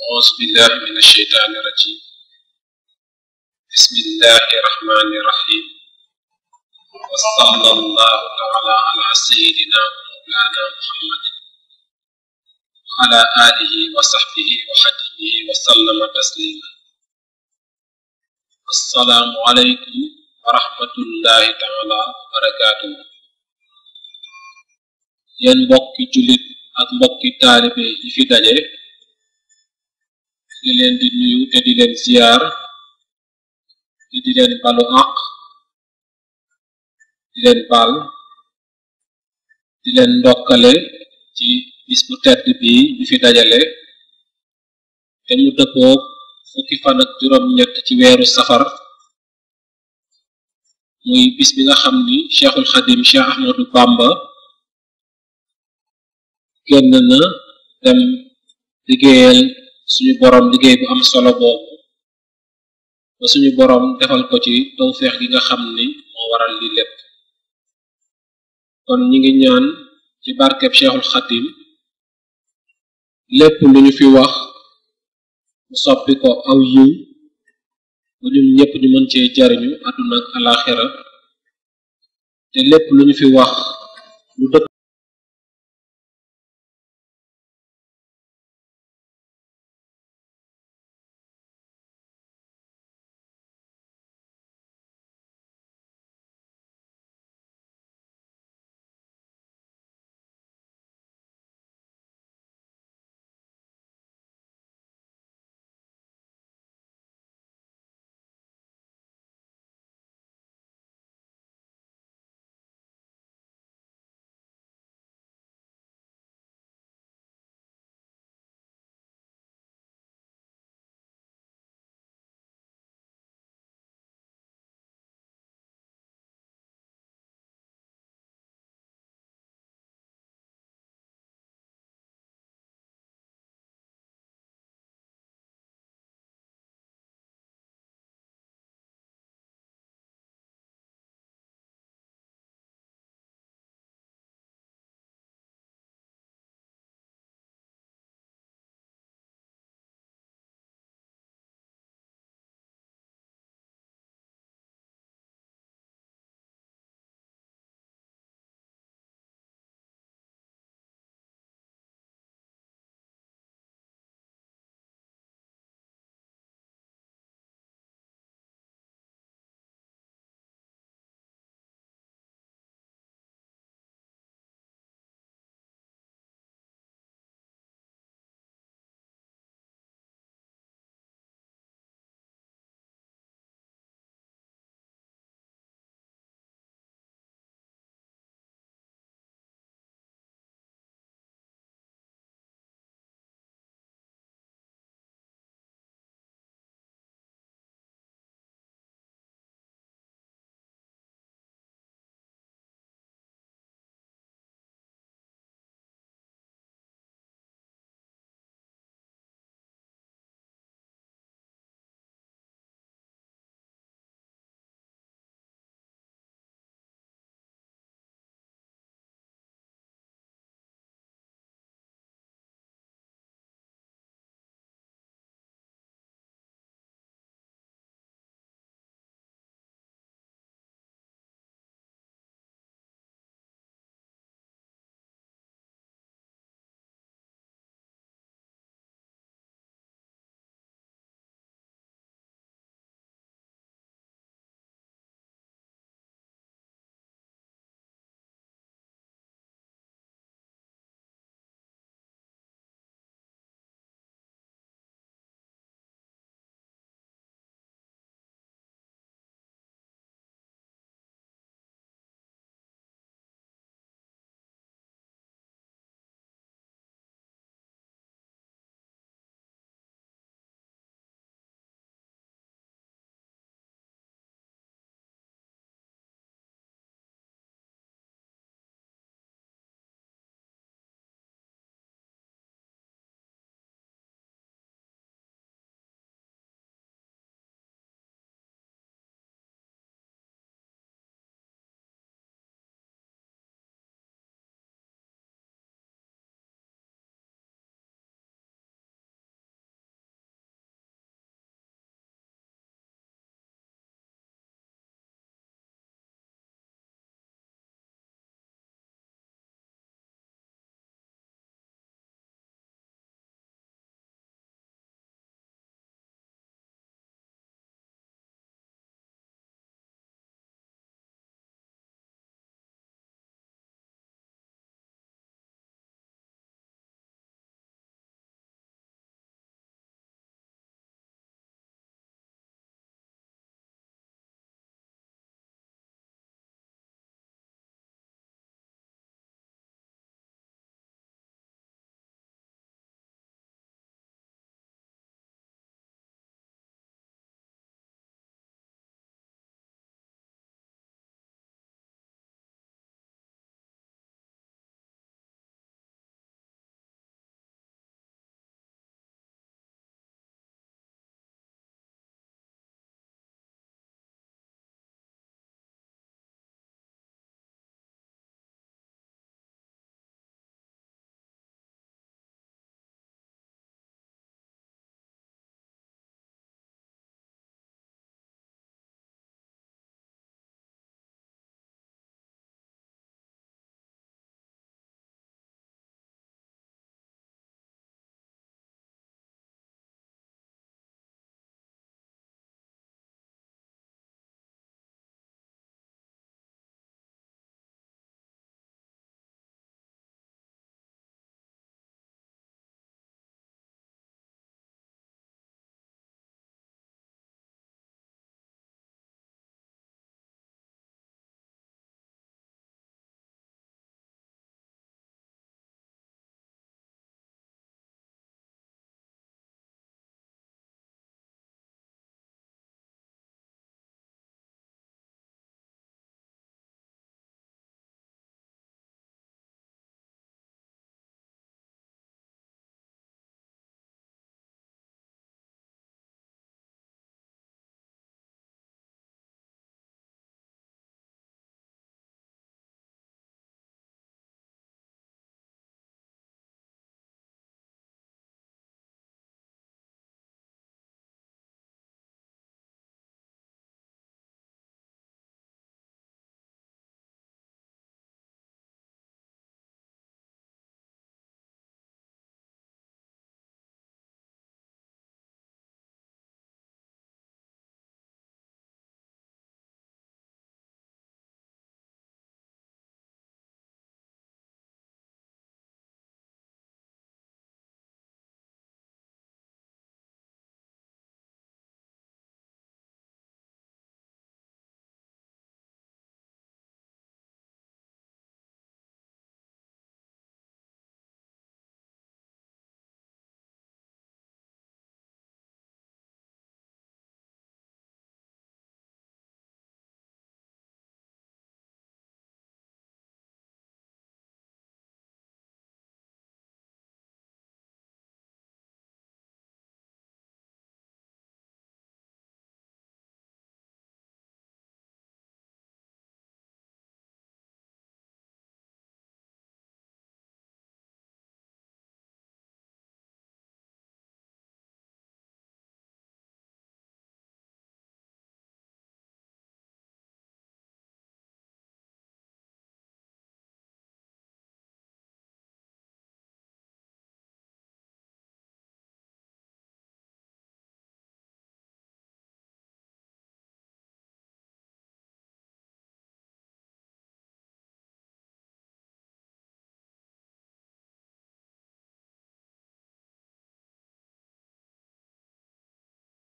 أعوذ بالله من الشيطان الرجيم بسم الله الرحمن الرحيم وصلى الله تعالى على سيدنا مولانا محمد وعلى آله وصحبه وخدمه وسلم تسليما السلام عليكم ورحمة الله تعالى وبركاته yen جلد julit ak في taalibe Kedilen di Kedilen Ziar, di Paluak, Kedilen Pal, di leen ndokkale di bis bu tedd di bi di dajale te mu dëppoo fuki fanat ak juróom ñett ci safar mui bis bi nga xam ni cheikhul xadim cheikh ahmadou bamba génn dem suñu boroom liggéey bu am solo boobu ba suñu boroom defal ko ci tawfeex gi nga xam ni moo waral li lépp kon ñi ngi ñaan ci barkeb Cheikhul Xatim lépp lu ñu fi wax mu soppi ko aw yiw bu ñun ñëpp ñu mën cee jariñu àdduna ak alaxira te lépp lu ñu fi wax lu dëkk